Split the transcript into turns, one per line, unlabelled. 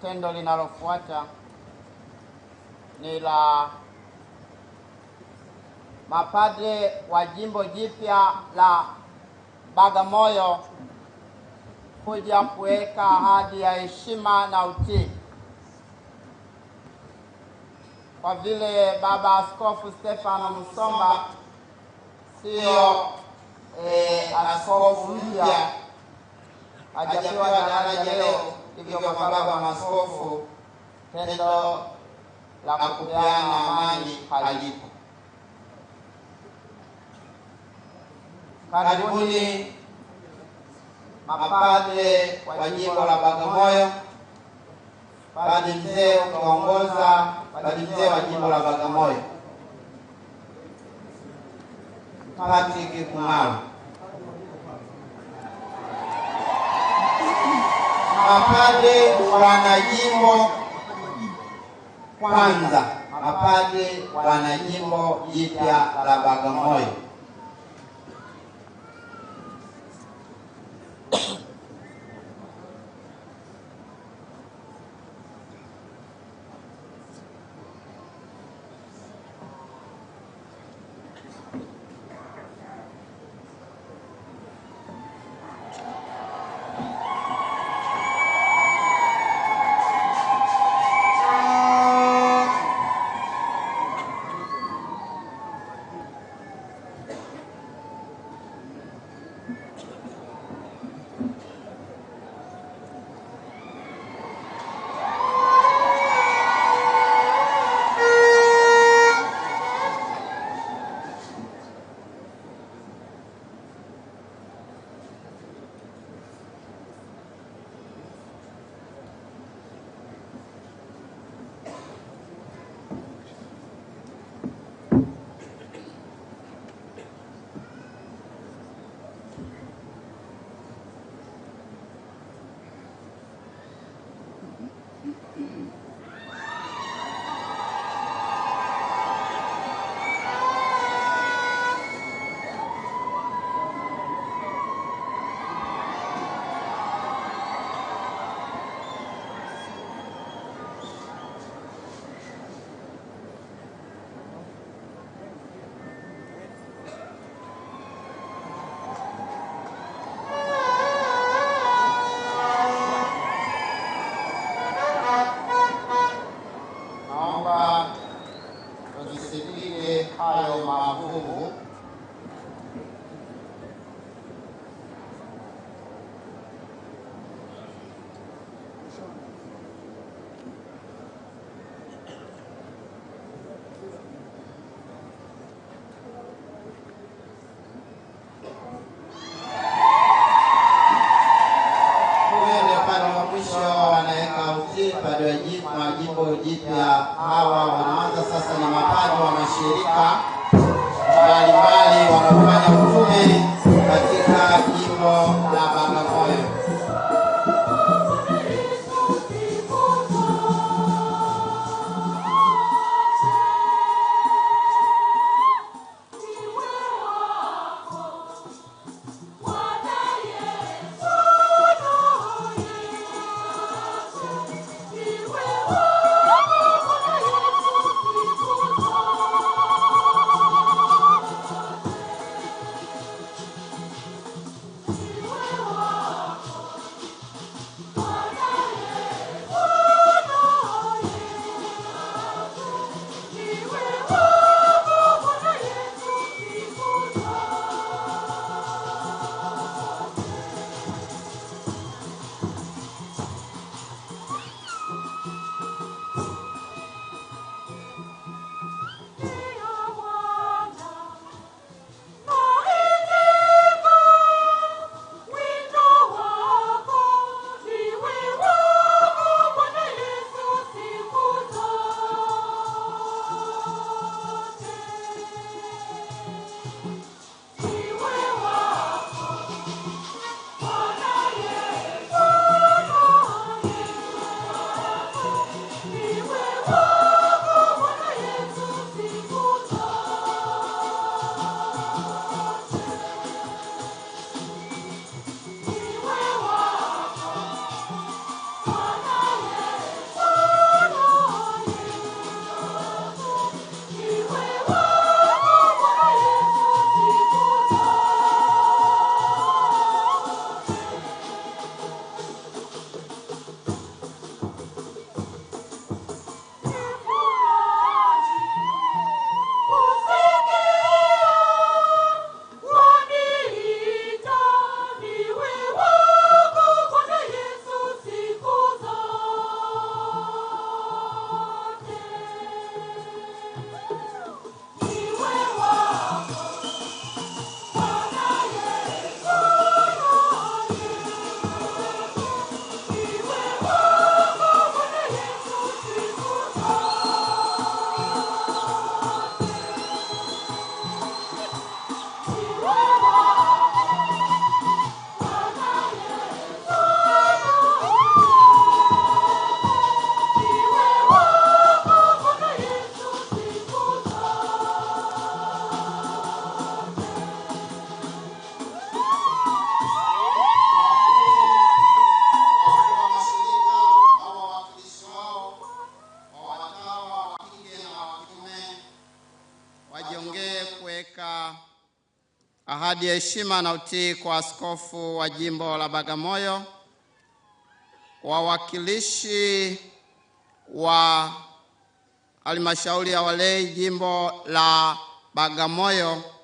Tendo linalofuata ni la mapadre wa jimbo jipya la Bagamoyo kuja kuweka ahadi ya heshima na utii. Kwa vile Baba Askofu Stefano Musomba sio eh, askofu mpya hajapewa daraja leo hivyo kwa Baba Maaskofu, tendo la kupeana amani halipo. Karibuni mapadre wa jimbo la Bagamoyo, padre mzee ukaongoza, padre mzee wa jimbo la Bagamoyo Patrick Kumalo. mapadre wanajimbo kwanza, mapadre wanajimbo jipya la Bagamoyo 嗯。mafungu majibu jipya. Hawa wanaanza sasa na mapaji wa mashirika mbalimbali wanaofanya utume katika jimbo la Bagamoyo. zawadi ya heshima na utii kwa askofu wa jimbo la Bagamoyo, wawakilishi wa halmashauri ya walei jimbo la Bagamoyo